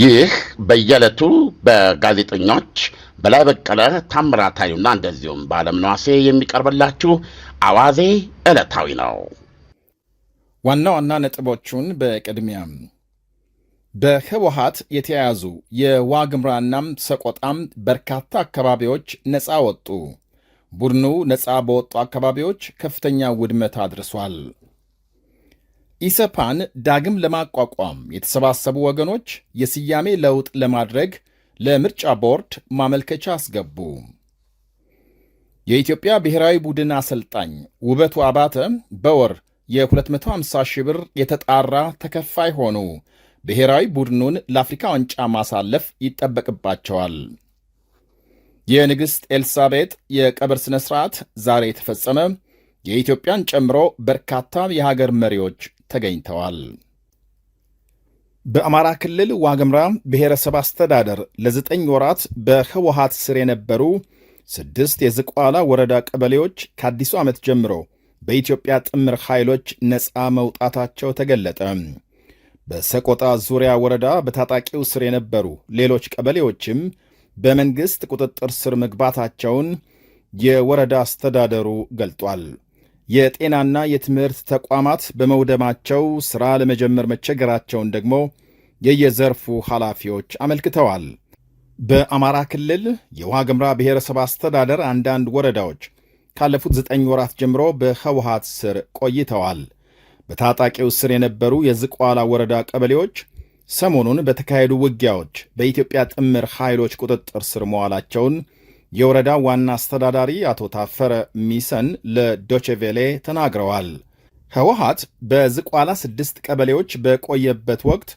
ይህ በየዕለቱ በጋዜጠኞች በላይ በቀለ ታምራት ኃይሉና እንደዚሁም በዓለም ነዋሴ የሚቀርብላችሁ አዋዜ ዕለታዊ ነው። ዋና ዋና ነጥቦቹን በቅድሚያም በህወሀት የተያያዙ የዋግምራናም ሰቆጣም በርካታ አካባቢዎች ነፃ ወጡ። ቡድኑ ነፃ በወጡ አካባቢዎች ከፍተኛ ውድመት አድርሷል። ኢሰፓን ዳግም ለማቋቋም የተሰባሰቡ ወገኖች የስያሜ ለውጥ ለማድረግ ለምርጫ ቦርድ ማመልከቻ አስገቡ። የኢትዮጵያ ብሔራዊ ቡድን አሰልጣኝ ውበቱ አባተ በወር የ250 ሺህ ብር የተጣራ ተከፋይ ሆኑ። ብሔራዊ ቡድኑን ለአፍሪካ ዋንጫ ማሳለፍ ይጠበቅባቸዋል። የንግሥት ኤልሳቤጥ የቀብር ሥነ ሥርዓት ዛሬ የተፈጸመ የኢትዮጵያን ጨምሮ በርካታ የሀገር መሪዎች ተገኝተዋል። በአማራ ክልል ዋግምራ ብሔረሰብ አስተዳደር ለዘጠኝ ወራት በህወሀት ስር የነበሩ ስድስት የዝቋላ ወረዳ ቀበሌዎች ከአዲሱ ዓመት ጀምሮ በኢትዮጵያ ጥምር ኃይሎች ነፃ መውጣታቸው ተገለጠ። በሰቆጣ ዙሪያ ወረዳ በታጣቂው ስር የነበሩ ሌሎች ቀበሌዎችም በመንግሥት ቁጥጥር ስር መግባታቸውን የወረዳ አስተዳደሩ ገልጧል። የጤናና የትምህርት ተቋማት በመውደማቸው ሥራ ለመጀመር መቸገራቸውን ደግሞ የየዘርፉ ኃላፊዎች አመልክተዋል። በአማራ ክልል የውሃ ግምራ ብሔረሰብ አስተዳደር አንዳንድ ወረዳዎች ካለፉት ዘጠኝ ወራት ጀምሮ በህወሓት ስር ቆይተዋል። በታጣቂው ስር የነበሩ የዝቋላ ወረዳ ቀበሌዎች ሰሞኑን በተካሄዱ ውጊያዎች በኢትዮጵያ ጥምር ኃይሎች ቁጥጥር ስር መዋላቸውን የወረዳ ዋና አስተዳዳሪ አቶ ታፈረ ሚሰን ለዶቼቬሌ ተናግረዋል። ህወሀት በዝቋላ ስድስት ቀበሌዎች በቆየበት ወቅት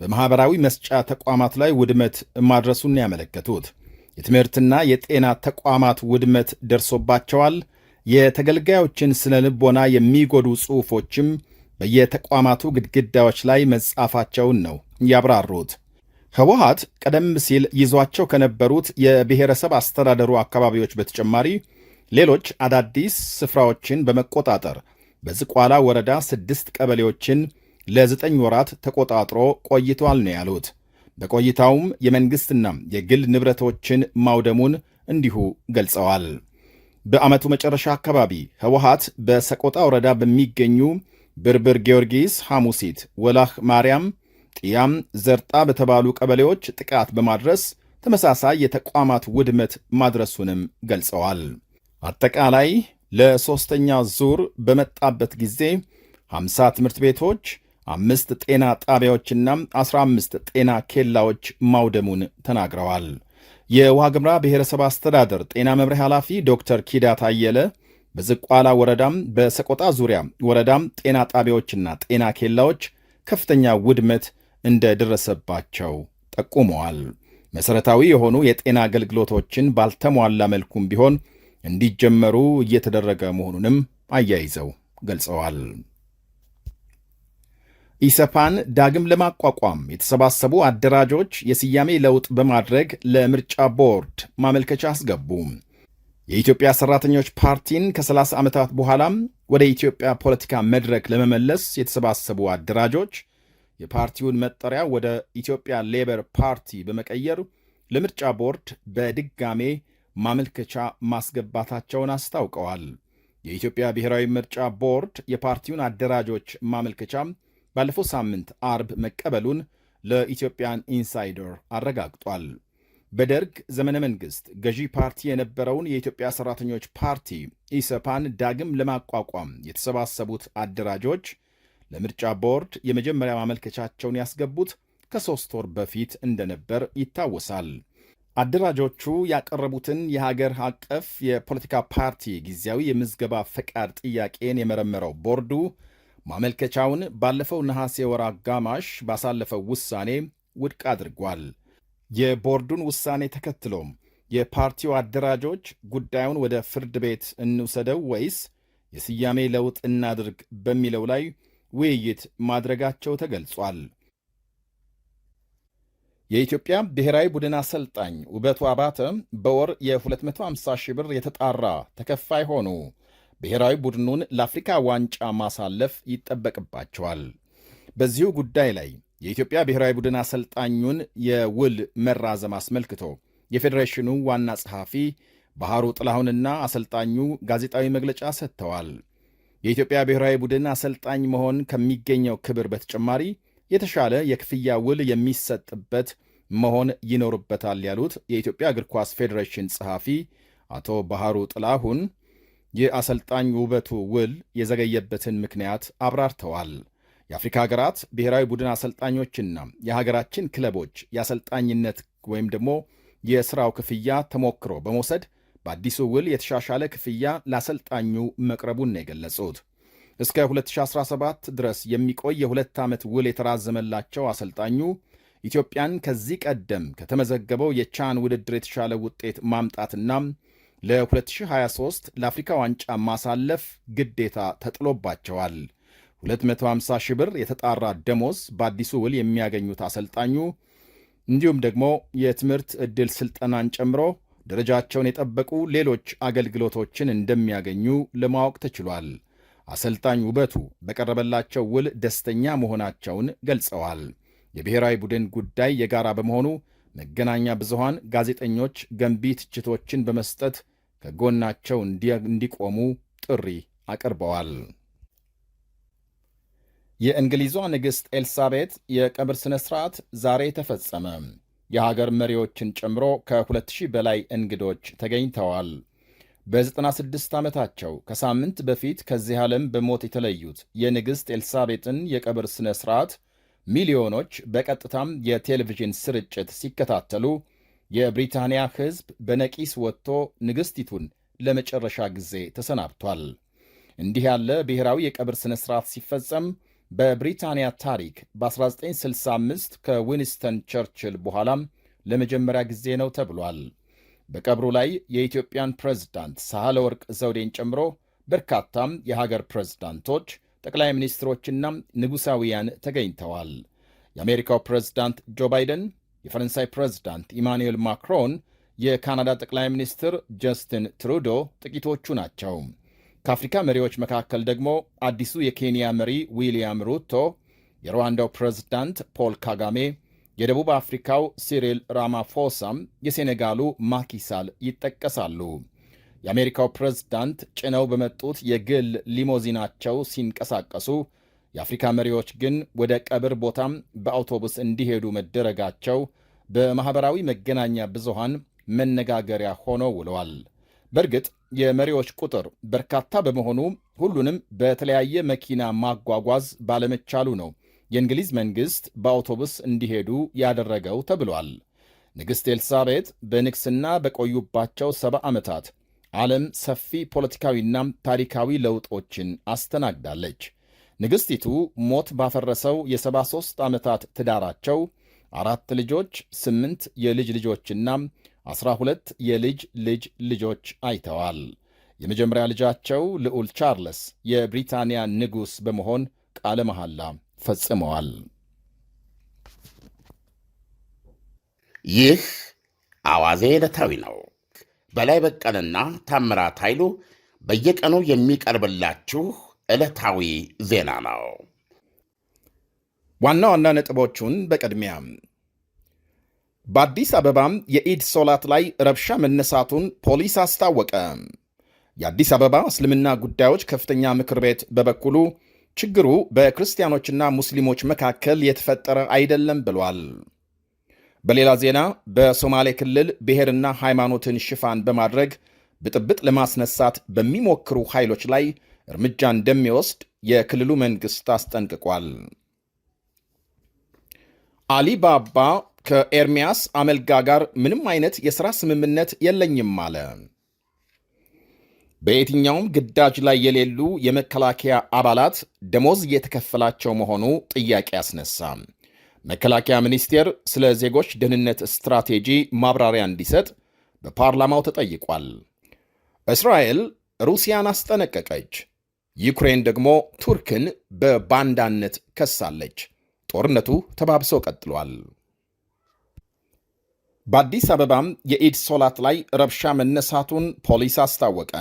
በማኅበራዊ መስጫ ተቋማት ላይ ውድመት ማድረሱን ያመለከቱት የትምህርትና የጤና ተቋማት ውድመት ደርሶባቸዋል። የተገልጋዮችን ስነ ልቦና የሚጎዱ ጽሑፎችም በየተቋማቱ ግድግዳዎች ላይ መጻፋቸውን ነው ያብራሩት። ህወሀት ቀደም ሲል ይዟቸው ከነበሩት የብሔረሰብ አስተዳደሩ አካባቢዎች በተጨማሪ ሌሎች አዳዲስ ስፍራዎችን በመቆጣጠር በዝቋላ ወረዳ ስድስት ቀበሌዎችን ለዘጠኝ ወራት ተቆጣጥሮ ቆይተዋል ነው ያሉት። በቆይታውም የመንግሥትና የግል ንብረቶችን ማውደሙን እንዲሁ ገልጸዋል። በዓመቱ መጨረሻ አካባቢ ህወሀት በሰቆጣ ወረዳ በሚገኙ ብርብር ጊዮርጊስ፣ ሐሙሲት፣ ወላህ ማርያም ጥያም ዘርጣ በተባሉ ቀበሌዎች ጥቃት በማድረስ ተመሳሳይ የተቋማት ውድመት ማድረሱንም ገልጸዋል። አጠቃላይ ለሦስተኛ ዙር በመጣበት ጊዜ 50 ትምህርት ቤቶች፣ አምስት ጤና ጣቢያዎችና 15 ጤና ኬላዎች ማውደሙን ተናግረዋል። የዋግምራ ብሔረሰብ አስተዳደር ጤና መምሪያ ኃላፊ ዶክተር ኪዳ ታየለ በዝቋላ ወረዳም በሰቆጣ ዙሪያ ወረዳም ጤና ጣቢያዎችና ጤና ኬላዎች ከፍተኛ ውድመት እንደደረሰባቸው ጠቁመዋል። መሠረታዊ የሆኑ የጤና አገልግሎቶችን ባልተሟላ መልኩም ቢሆን እንዲጀመሩ እየተደረገ መሆኑንም አያይዘው ገልጸዋል። ኢሰፓን ዳግም ለማቋቋም የተሰባሰቡ አደራጆች የስያሜ ለውጥ በማድረግ ለምርጫ ቦርድ ማመልከቻ አስገቡ። የኢትዮጵያ ሰራተኞች ፓርቲን ከ30 ዓመታት በኋላም ወደ ኢትዮጵያ ፖለቲካ መድረክ ለመመለስ የተሰባሰቡ አደራጆች የፓርቲውን መጠሪያ ወደ ኢትዮጵያ ሌበር ፓርቲ በመቀየር ለምርጫ ቦርድ በድጋሜ ማመልከቻ ማስገባታቸውን አስታውቀዋል። የኢትዮጵያ ብሔራዊ ምርጫ ቦርድ የፓርቲውን አደራጆች ማመልከቻም ባለፈው ሳምንት አርብ መቀበሉን ለኢትዮጵያን ኢንሳይደር አረጋግጧል። በደርግ ዘመነ መንግሥት ገዢ ፓርቲ የነበረውን የኢትዮጵያ ሠራተኞች ፓርቲ ኢሰፓን ዳግም ለማቋቋም የተሰባሰቡት አደራጆች ለምርጫ ቦርድ የመጀመሪያ ማመልከቻቸውን ያስገቡት ከሶስት ወር በፊት እንደነበር ይታወሳል። አደራጆቹ ያቀረቡትን የሀገር አቀፍ የፖለቲካ ፓርቲ ጊዜያዊ የምዝገባ ፈቃድ ጥያቄን የመረመረው ቦርዱ ማመልከቻውን ባለፈው ነሐሴ ወር አጋማሽ ባሳለፈው ውሳኔ ውድቅ አድርጓል። የቦርዱን ውሳኔ ተከትሎም የፓርቲው አደራጆች ጉዳዩን ወደ ፍርድ ቤት እንውሰደው ወይስ የስያሜ ለውጥ እናድርግ በሚለው ላይ ውይይት ማድረጋቸው ተገልጿል። የኢትዮጵያ ብሔራዊ ቡድን አሰልጣኝ ውበቱ አባተ በወር የ250 ሺህ ብር የተጣራ ተከፋይ ሆኑ። ብሔራዊ ቡድኑን ለአፍሪካ ዋንጫ ማሳለፍ ይጠበቅባቸዋል። በዚሁ ጉዳይ ላይ የኢትዮጵያ ብሔራዊ ቡድን አሰልጣኙን የውል መራዘም አስመልክቶ የፌዴሬሽኑ ዋና ጸሐፊ ባህሩ ጥላሁንና አሰልጣኙ ጋዜጣዊ መግለጫ ሰጥተዋል። የኢትዮጵያ ብሔራዊ ቡድን አሰልጣኝ መሆን ከሚገኘው ክብር በተጨማሪ የተሻለ የክፍያ ውል የሚሰጥበት መሆን ይኖርበታል ያሉት የኢትዮጵያ እግር ኳስ ፌዴሬሽን ጸሐፊ አቶ ባህሩ ጥላሁን የአሰልጣኝ ውበቱ ውል የዘገየበትን ምክንያት አብራርተዋል። የአፍሪካ ሀገራት ብሔራዊ ቡድን አሰልጣኞችና የሀገራችን ክለቦች የአሰልጣኝነት ወይም ደግሞ የስራው ክፍያ ተሞክሮ በመውሰድ በአዲሱ ውል የተሻሻለ ክፍያ ለአሰልጣኙ መቅረቡን ነው የገለጹት። እስከ 2017 ድረስ የሚቆይ የሁለት ዓመት ውል የተራዘመላቸው አሰልጣኙ ኢትዮጵያን ከዚህ ቀደም ከተመዘገበው የቻን ውድድር የተሻለ ውጤት ማምጣትና ለ2023 ለአፍሪካ ዋንጫ ማሳለፍ ግዴታ ተጥሎባቸዋል። 250 ሺህ ብር የተጣራ ደሞዝ በአዲሱ ውል የሚያገኙት አሰልጣኙ እንዲሁም ደግሞ የትምህርት ዕድል ስልጠናን ጨምሮ ደረጃቸውን የጠበቁ ሌሎች አገልግሎቶችን እንደሚያገኙ ለማወቅ ተችሏል። አሰልጣኝ ውበቱ በቀረበላቸው ውል ደስተኛ መሆናቸውን ገልጸዋል። የብሔራዊ ቡድን ጉዳይ የጋራ በመሆኑ መገናኛ ብዙሃን ጋዜጠኞች ገንቢ ትችቶችን በመስጠት ከጎናቸው እንዲቆሙ ጥሪ አቅርበዋል። የእንግሊዟ ንግሥት ኤልሳቤት የቀብር ሥነ ሥርዓት ዛሬ ተፈጸመ። የሀገር መሪዎችን ጨምሮ ከ2000 በላይ እንግዶች ተገኝተዋል። በ96 ዓመታቸው ከሳምንት በፊት ከዚህ ዓለም በሞት የተለዩት የንግሥት ኤልሳቤጥን የቀብር ሥነ ሥርዓት ሚሊዮኖች በቀጥታም የቴሌቪዥን ስርጭት ሲከታተሉ የብሪታንያ ሕዝብ በነቂስ ወጥቶ ንግሥቲቱን ለመጨረሻ ጊዜ ተሰናብቷል። እንዲህ ያለ ብሔራዊ የቀብር ሥነ ሥርዓት ሲፈጸም በብሪታንያ ታሪክ በ1965 ከዊንስተን ቸርችል በኋላም ለመጀመሪያ ጊዜ ነው ተብሏል። በቀብሩ ላይ የኢትዮጵያን ፕሬዝዳንት ሳህለ ወርቅ ዘውዴን ጨምሮ በርካታም የሀገር ፕሬዝዳንቶች፣ ጠቅላይ ሚኒስትሮችና ንጉሳዊያን ተገኝተዋል። የአሜሪካው ፕሬዝዳንት ጆ ባይደን፣ የፈረንሳይ ፕሬዝዳንት ኢማኑኤል ማክሮን፣ የካናዳ ጠቅላይ ሚኒስትር ጀስትን ትሩዶ ጥቂቶቹ ናቸው። ከአፍሪካ መሪዎች መካከል ደግሞ አዲሱ የኬንያ መሪ ዊልያም ሩቶ፣ የሩዋንዳው ፕሬዝዳንት ፖል ካጋሜ፣ የደቡብ አፍሪካው ሲሪል ራማፎሳም የሴኔጋሉ ማኪሳል ይጠቀሳሉ። የአሜሪካው ፕሬዝዳንት ጭነው በመጡት የግል ሊሞዚናቸው ሲንቀሳቀሱ የአፍሪካ መሪዎች ግን ወደ ቀብር ቦታም በአውቶቡስ እንዲሄዱ መደረጋቸው በማኅበራዊ መገናኛ ብዙሃን መነጋገሪያ ሆኖ ውለዋል። በእርግጥ የመሪዎች ቁጥር በርካታ በመሆኑ ሁሉንም በተለያየ መኪና ማጓጓዝ ባለመቻሉ ነው የእንግሊዝ መንግሥት በአውቶቡስ እንዲሄዱ ያደረገው ተብሏል። ንግሥት ኤልሳቤት በንግሥና በቆዩባቸው ሰባ ዓመታት ዓለም ሰፊ ፖለቲካዊና ታሪካዊ ለውጦችን አስተናግዳለች። ንግሥቲቱ ሞት ባፈረሰው የ73 ዓመታት ትዳራቸው አራት ልጆች፣ ስምንት የልጅ ልጆችና አስራ ሁለት የልጅ ልጅ ልጆች አይተዋል። የመጀመሪያ ልጃቸው ልዑል ቻርልስ የብሪታንያ ንጉሥ በመሆን ቃለ መሐላ ፈጽመዋል። ይህ አዋዜ ዕለታዊ ነው። በላይ በቀለና ታምራት ኃይሉ በየቀኑ የሚቀርብላችሁ ዕለታዊ ዜና ነው። ዋና ዋና ነጥቦቹን በቅድሚያ በአዲስ አበባም የኢድ ሶላት ላይ ረብሻ መነሳቱን ፖሊስ አስታወቀ። የአዲስ አበባ እስልምና ጉዳዮች ከፍተኛ ምክር ቤት በበኩሉ ችግሩ በክርስቲያኖችና ሙስሊሞች መካከል የተፈጠረ አይደለም ብሏል። በሌላ ዜና በሶማሌ ክልል ብሔርና ሃይማኖትን ሽፋን በማድረግ ብጥብጥ ለማስነሳት በሚሞክሩ ኃይሎች ላይ እርምጃ እንደሚወስድ የክልሉ መንግሥት አስጠንቅቋል። አሊባባ ከኤርሚያስ አመልጋ ጋር ምንም አይነት የሥራ ስምምነት የለኝም አለ። በየትኛውም ግዳጅ ላይ የሌሉ የመከላከያ አባላት ደሞዝ እየተከፈላቸው መሆኑ ጥያቄ አስነሳ። መከላከያ ሚኒስቴር ስለ ዜጎች ደህንነት ስትራቴጂ ማብራሪያ እንዲሰጥ በፓርላማው ተጠይቋል። እስራኤል ሩሲያን አስጠነቀቀች። ዩክሬን ደግሞ ቱርክን በባንዳነት ከሳለች። ጦርነቱ ተባብሶ ቀጥሏል። በአዲስ አበባም የኢድ ሶላት ላይ ረብሻ መነሳቱን ፖሊስ አስታወቀ።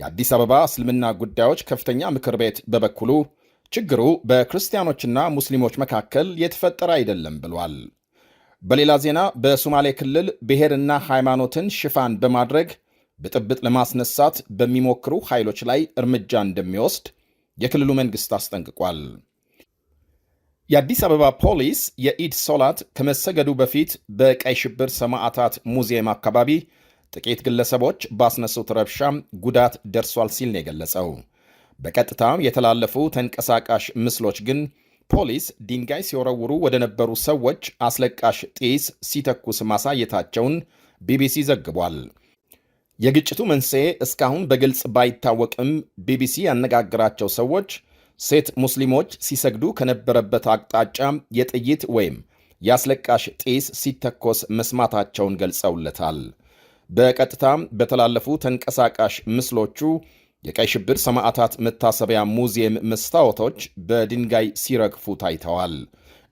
የአዲስ አበባ እስልምና ጉዳዮች ከፍተኛ ምክር ቤት በበኩሉ ችግሩ በክርስቲያኖችና ሙስሊሞች መካከል የተፈጠረ አይደለም ብሏል። በሌላ ዜና በሶማሌ ክልል ብሔርና ሃይማኖትን ሽፋን በማድረግ ብጥብጥ ለማስነሳት በሚሞክሩ ኃይሎች ላይ እርምጃ እንደሚወስድ የክልሉ መንግሥት አስጠንቅቋል። የአዲስ አበባ ፖሊስ የኢድ ሶላት ከመሰገዱ በፊት በቀይ ሽብር ሰማዕታት ሙዚየም አካባቢ ጥቂት ግለሰቦች ባስነሱት ረብሻ ጉዳት ደርሷል ሲል ነው የገለጸው። በቀጥታ የተላለፉ ተንቀሳቃሽ ምስሎች ግን ፖሊስ ድንጋይ ሲወረውሩ ወደ ነበሩ ሰዎች አስለቃሽ ጢስ ሲተኩስ ማሳየታቸውን ቢቢሲ ዘግቧል። የግጭቱ መንስኤ እስካሁን በግልጽ ባይታወቅም ቢቢሲ ያነጋግራቸው ሰዎች ሴት ሙስሊሞች ሲሰግዱ ከነበረበት አቅጣጫ የጥይት ወይም የአስለቃሽ ጢስ ሲተኮስ መስማታቸውን ገልጸውለታል። በቀጥታ በተላለፉ ተንቀሳቃሽ ምስሎቹ የቀይ ሽብር ሰማዕታት መታሰቢያ ሙዚየም መስታወቶች በድንጋይ ሲረግፉ ታይተዋል።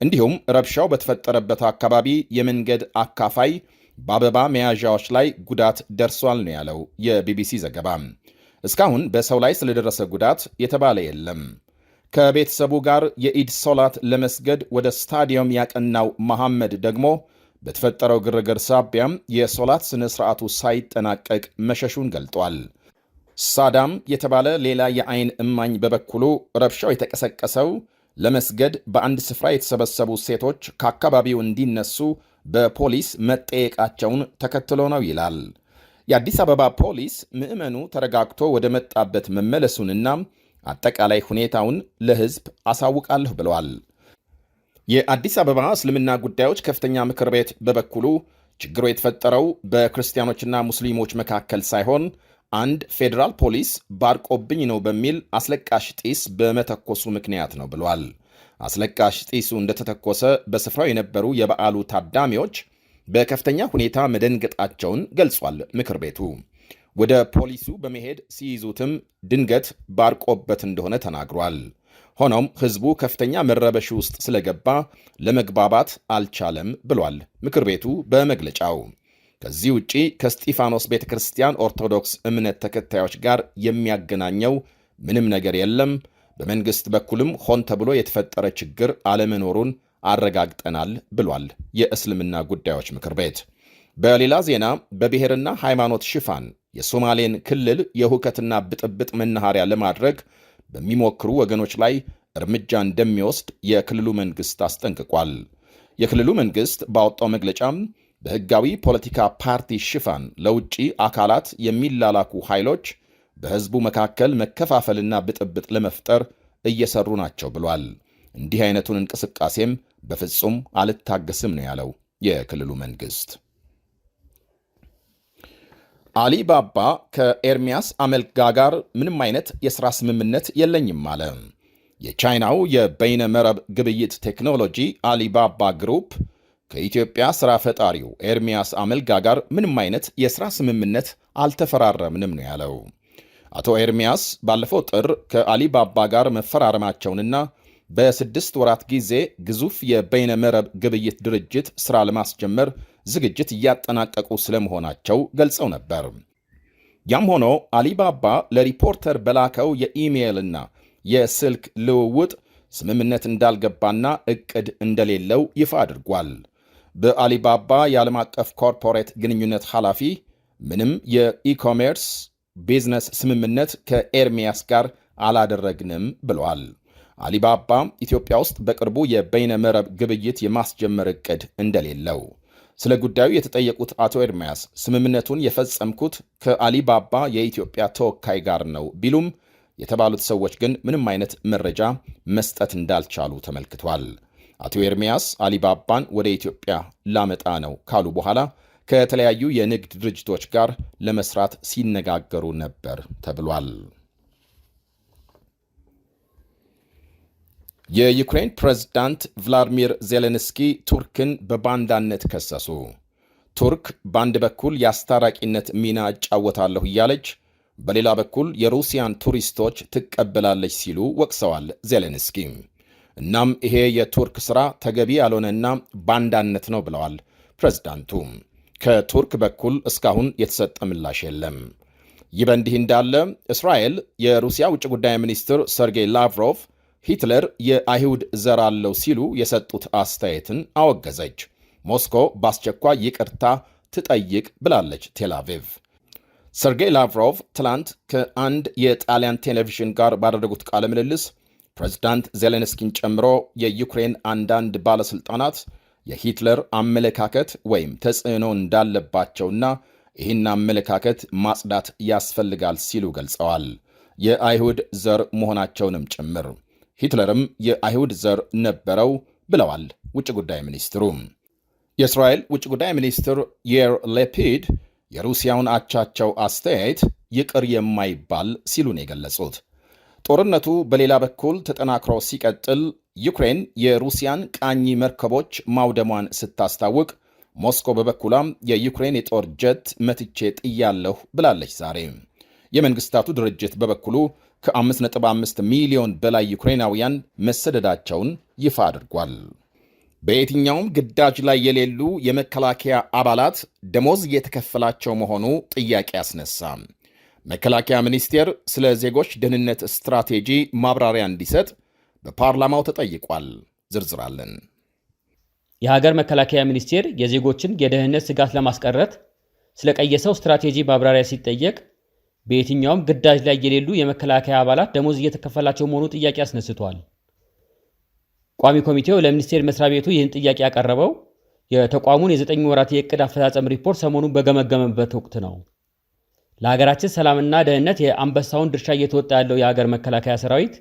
እንዲሁም ረብሻው በተፈጠረበት አካባቢ የመንገድ አካፋይ በአበባ መያዣዎች ላይ ጉዳት ደርሷል ነው ያለው የቢቢሲ ዘገባ። እስካሁን በሰው ላይ ስለደረሰ ጉዳት የተባለ የለም። ከቤተሰቡ ጋር የኢድ ሶላት ለመስገድ ወደ ስታዲየም ያቀናው መሐመድ ደግሞ በተፈጠረው ግርግር ሳቢያም የሶላት ሥነ ሥርዓቱ ሳይጠናቀቅ መሸሹን ገልጧል። ሳዳም የተባለ ሌላ የአይን እማኝ በበኩሉ ረብሻው የተቀሰቀሰው ለመስገድ በአንድ ስፍራ የተሰበሰቡ ሴቶች ከአካባቢው እንዲነሱ በፖሊስ መጠየቃቸውን ተከትሎ ነው ይላል። የአዲስ አበባ ፖሊስ ምዕመኑ ተረጋግቶ ወደ መጣበት መመለሱንና አጠቃላይ ሁኔታውን ለህዝብ አሳውቃለሁ ብለዋል። የአዲስ አበባ እስልምና ጉዳዮች ከፍተኛ ምክር ቤት በበኩሉ ችግሩ የተፈጠረው በክርስቲያኖችና ሙስሊሞች መካከል ሳይሆን አንድ ፌዴራል ፖሊስ ባርቆብኝ ነው በሚል አስለቃሽ ጢስ በመተኮሱ ምክንያት ነው ብሏል። አስለቃሽ ጢሱ እንደተተኮሰ በስፍራው የነበሩ የበዓሉ ታዳሚዎች በከፍተኛ ሁኔታ መደንገጣቸውን ገልጿል ምክር ቤቱ። ወደ ፖሊሱ በመሄድ ሲይዙትም ድንገት ባርቆበት እንደሆነ ተናግሯል። ሆኖም ህዝቡ ከፍተኛ መረበሽ ውስጥ ስለገባ ለመግባባት አልቻለም ብሏል ምክር ቤቱ በመግለጫው። ከዚህ ውጪ ከስጢፋኖስ ቤተ ክርስቲያን ኦርቶዶክስ እምነት ተከታዮች ጋር የሚያገናኘው ምንም ነገር የለም፣ በመንግሥት በኩልም ሆን ተብሎ የተፈጠረ ችግር አለመኖሩን አረጋግጠናል ብሏል የእስልምና ጉዳዮች ምክር ቤት። በሌላ ዜና በብሔርና ሃይማኖት ሽፋን የሶማሌን ክልል የሁከትና ብጥብጥ መናኸሪያ ለማድረግ በሚሞክሩ ወገኖች ላይ እርምጃ እንደሚወስድ የክልሉ መንግሥት አስጠንቅቋል። የክልሉ መንግሥት ባወጣው መግለጫም በሕጋዊ ፖለቲካ ፓርቲ ሽፋን ለውጭ አካላት የሚላላኩ ኃይሎች በሕዝቡ መካከል መከፋፈልና ብጥብጥ ለመፍጠር እየሰሩ ናቸው ብሏል። እንዲህ አይነቱን እንቅስቃሴም በፍጹም አልታገስም ነው ያለው የክልሉ መንግሥት። አሊባባ ከኤርሚያስ አመልጋ ጋር ምንም አይነት የሥራ ስምምነት የለኝም አለ። የቻይናው የበይነ መረብ ግብይት ቴክኖሎጂ አሊባባ ግሩፕ ከኢትዮጵያ ሥራ ፈጣሪው ኤርሚያስ አመልጋ ጋር ምንም አይነት የሥራ ስምምነት አልተፈራረምንም ነው ያለው። አቶ ኤርሚያስ ባለፈው ጥር ከአሊባባ ጋር መፈራረማቸውንና በስድስት ወራት ጊዜ ግዙፍ የበይነ መረብ ግብይት ድርጅት ሥራ ለማስጀመር ዝግጅት እያጠናቀቁ ስለመሆናቸው ገልጸው ነበር። ያም ሆኖ አሊባባ ለሪፖርተር በላከው የኢሜይልና የስልክ ልውውጥ ስምምነት እንዳልገባና እቅድ እንደሌለው ይፋ አድርጓል። በአሊባባ የዓለም አቀፍ ኮርፖሬት ግንኙነት ኃላፊ ምንም የኢኮሜርስ ቢዝነስ ስምምነት ከኤርሚያስ ጋር አላደረግንም ብሏል። አሊባባ ኢትዮጵያ ውስጥ በቅርቡ የበይነ መረብ ግብይት የማስጀመር እቅድ እንደሌለው ስለ ጉዳዩ የተጠየቁት አቶ ኤርሚያስ ስምምነቱን የፈጸምኩት ከአሊባባ የኢትዮጵያ ተወካይ ጋር ነው ቢሉም የተባሉት ሰዎች ግን ምንም አይነት መረጃ መስጠት እንዳልቻሉ ተመልክቷል። አቶ ኤርሚያስ አሊባባን ወደ ኢትዮጵያ ላመጣ ነው ካሉ በኋላ ከተለያዩ የንግድ ድርጅቶች ጋር ለመስራት ሲነጋገሩ ነበር ተብሏል። የዩክሬን ፕሬዝዳንት ቭላድሚር ዜሌንስኪ ቱርክን በባንዳነት ከሰሱ። ቱርክ በአንድ በኩል የአስታራቂነት ሚና እጫወታለሁ እያለች በሌላ በኩል የሩሲያን ቱሪስቶች ትቀበላለች ሲሉ ወቅሰዋል ዜሌንስኪ። እናም ይሄ የቱርክ ሥራ ተገቢ ያልሆነና ባንዳነት ነው ብለዋል ፕሬዝዳንቱ። ከቱርክ በኩል እስካሁን የተሰጠ ምላሽ የለም። ይህ በእንዲህ እንዳለ እስራኤል የሩሲያ ውጭ ጉዳይ ሚኒስትር ሰርጌይ ላቭሮቭ ሂትለር የአይሁድ ዘር አለው ሲሉ የሰጡት አስተያየትን አወገዘች። ሞስኮ በአስቸኳይ ይቅርታ ትጠይቅ ብላለች ቴላቪቭ። ሰርጌይ ላቭሮቭ ትላንት ከአንድ የጣሊያን ቴሌቪዥን ጋር ባደረጉት ቃለ ምልልስ ፕሬዚዳንት ዜሌንስኪን ጨምሮ የዩክሬን አንዳንድ ባለሥልጣናት የሂትለር አመለካከት ወይም ተጽዕኖ እንዳለባቸውና ይህን አመለካከት ማጽዳት ያስፈልጋል ሲሉ ገልጸዋል። የአይሁድ ዘር መሆናቸውንም ጭምር ሂትለርም የአይሁድ ዘር ነበረው ብለዋል ውጭ ጉዳይ ሚኒስትሩ። የእስራኤል ውጭ ጉዳይ ሚኒስትር የር ሌፒድ የሩሲያውን አቻቸው አስተያየት ይቅር የማይባል ሲሉ ነው የገለጹት። ጦርነቱ በሌላ በኩል ተጠናክሮ ሲቀጥል ዩክሬን የሩሲያን ቃኝ መርከቦች ማውደሟን ስታስታውቅ ሞስኮ በበኩሏም የዩክሬን የጦር ጀት መትቼ ጥያለሁ ብላለች ዛሬ። የመንግስታቱ ድርጅት በበኩሉ ከ5.5 ሚሊዮን በላይ ዩክሬናውያን መሰደዳቸውን ይፋ አድርጓል። በየትኛውም ግዳጅ ላይ የሌሉ የመከላከያ አባላት ደሞዝ እየተከፈላቸው መሆኑ ጥያቄ አስነሳ። መከላከያ ሚኒስቴር ስለ ዜጎች ደህንነት ስትራቴጂ ማብራሪያ እንዲሰጥ በፓርላማው ተጠይቋል። ዝርዝራለን። የሀገር መከላከያ ሚኒስቴር የዜጎችን የደህንነት ስጋት ለማስቀረት ስለቀየሰው ስትራቴጂ ማብራሪያ ሲጠየቅ በየትኛውም ግዳጅ ላይ የሌሉ የመከላከያ አባላት ደሞዝ እየተከፈላቸው መሆኑ ጥያቄ አስነስቷል። ቋሚ ኮሚቴው ለሚኒስቴር መስሪያ ቤቱ ይህን ጥያቄ ያቀረበው የተቋሙን የዘጠኝ ወራት የእቅድ አፈጻጸም ሪፖርት ሰሞኑን በገመገመበት ወቅት ነው። ለሀገራችን ሰላምና ደህንነት የአንበሳውን ድርሻ እየተወጣ ያለው የሀገር መከላከያ ሰራዊት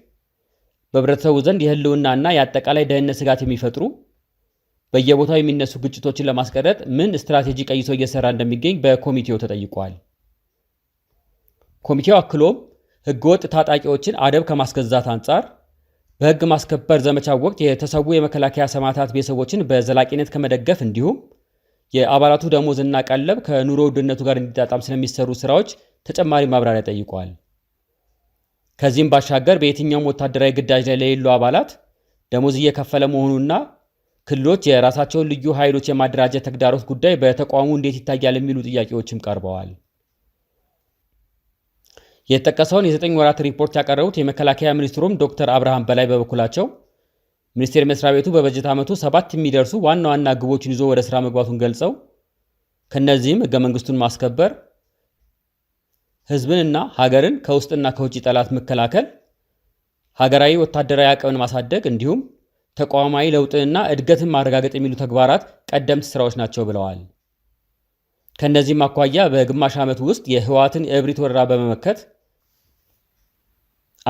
በህብረተሰቡ ዘንድ የህልውናና የአጠቃላይ ደህንነት ስጋት የሚፈጥሩ በየቦታው የሚነሱ ግጭቶችን ለማስቀረጥ ምን ስትራቴጂ ቀይሶ እየሰራ እንደሚገኝ በኮሚቴው ተጠይቋል። ኮሚቴው አክሎም ህገወጥ ታጣቂዎችን አደብ ከማስገዛት አንጻር በህግ ማስከበር ዘመቻ ወቅት የተሰዉ የመከላከያ ሰማዕታት ቤተሰቦችን በዘላቂነት ከመደገፍ እንዲሁም የአባላቱ ደሞዝና ቀለብ ከኑሮ ውድነቱ ጋር እንዲጣጣም ስለሚሰሩ ስራዎች ተጨማሪ ማብራሪያ ጠይቋል። ከዚህም ባሻገር በየትኛውም ወታደራዊ ግዳጅ ላይ ለሌሉ አባላት ደሞዝ እየከፈለ መሆኑና ክልሎች የራሳቸውን ልዩ ኃይሎች የማደራጀት ተግዳሮት ጉዳይ በተቋሙ እንዴት ይታያል የሚሉ ጥያቄዎችም ቀርበዋል። የተጠቀሰውን የዘጠኝ ወራት ሪፖርት ያቀረቡት የመከላከያ ሚኒስትሩም ዶክተር አብርሃም በላይ በበኩላቸው ሚኒስቴር መስሪያ ቤቱ በበጀት ዓመቱ ሰባት የሚደርሱ ዋና ዋና ግቦችን ይዞ ወደ ስራ መግባቱን ገልጸው ከእነዚህም ህገ መንግስቱን ማስከበር፣ ህዝብንና ሀገርን ከውስጥና ከውጭ ጠላት መከላከል፣ ሀገራዊ ወታደራዊ አቅምን ማሳደግ እንዲሁም ተቋማዊ ለውጥንና እድገትን ማረጋገጥ የሚሉ ተግባራት ቀደምት ስራዎች ናቸው ብለዋል። ከእነዚህም አኳያ በግማሽ ዓመት ውስጥ የህወሓትን እብሪት ወረራ በመመከት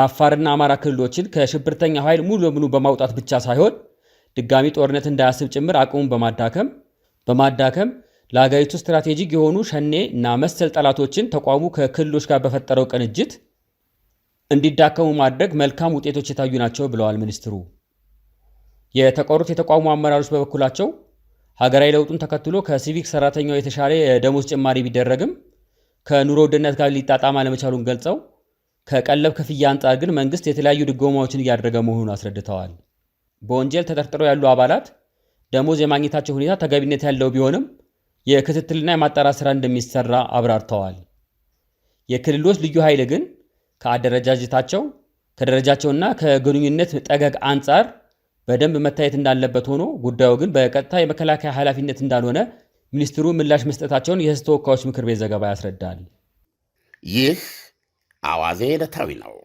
አፋርና አማራ ክልሎችን ከሽብርተኛ ኃይል ሙሉ በሙሉ በማውጣት ብቻ ሳይሆን ድጋሚ ጦርነት እንዳያስብ ጭምር አቅሙን በማዳከም በማዳከም ለሀገሪቱ ስትራቴጂክ የሆኑ ሸኔ እና መሰል ጠላቶችን ተቋሙ ከክልሎች ጋር በፈጠረው ቅንጅት እንዲዳከሙ ማድረግ መልካም ውጤቶች የታዩ ናቸው ብለዋል ሚኒስትሩ። የተቀሩት የተቋሙ አመራሮች በበኩላቸው ሀገራዊ ለውጡን ተከትሎ ከሲቪክ ሰራተኛው የተሻለ የደሞዝ ጭማሪ ቢደረግም ከኑሮ ውድነት ጋር ሊጣጣም አለመቻሉን ገልጸው ከቀለብ ክፍያ አንጻር ግን መንግስት የተለያዩ ድጎማዎችን እያደረገ መሆኑን አስረድተዋል። በወንጀል ተጠርጥረው ያሉ አባላት ደሞዝ የማግኘታቸው ሁኔታ ተገቢነት ያለው ቢሆንም የክትትልና የማጣራት ስራ እንደሚሰራ አብራርተዋል። የክልሎች ልዩ ኃይል ግን ከአደረጃጀታቸው ከደረጃቸውና ከግንኙነት ጠገግ አንጻር በደንብ መታየት እንዳለበት ሆኖ ጉዳዩ ግን በቀጥታ የመከላከያ ኃላፊነት እንዳልሆነ ሚኒስትሩ ምላሽ መስጠታቸውን የሕዝብ ተወካዮች ምክር ቤት ዘገባ ያስረዳል። ይህ አዋዜ ዕለታዊ ነው።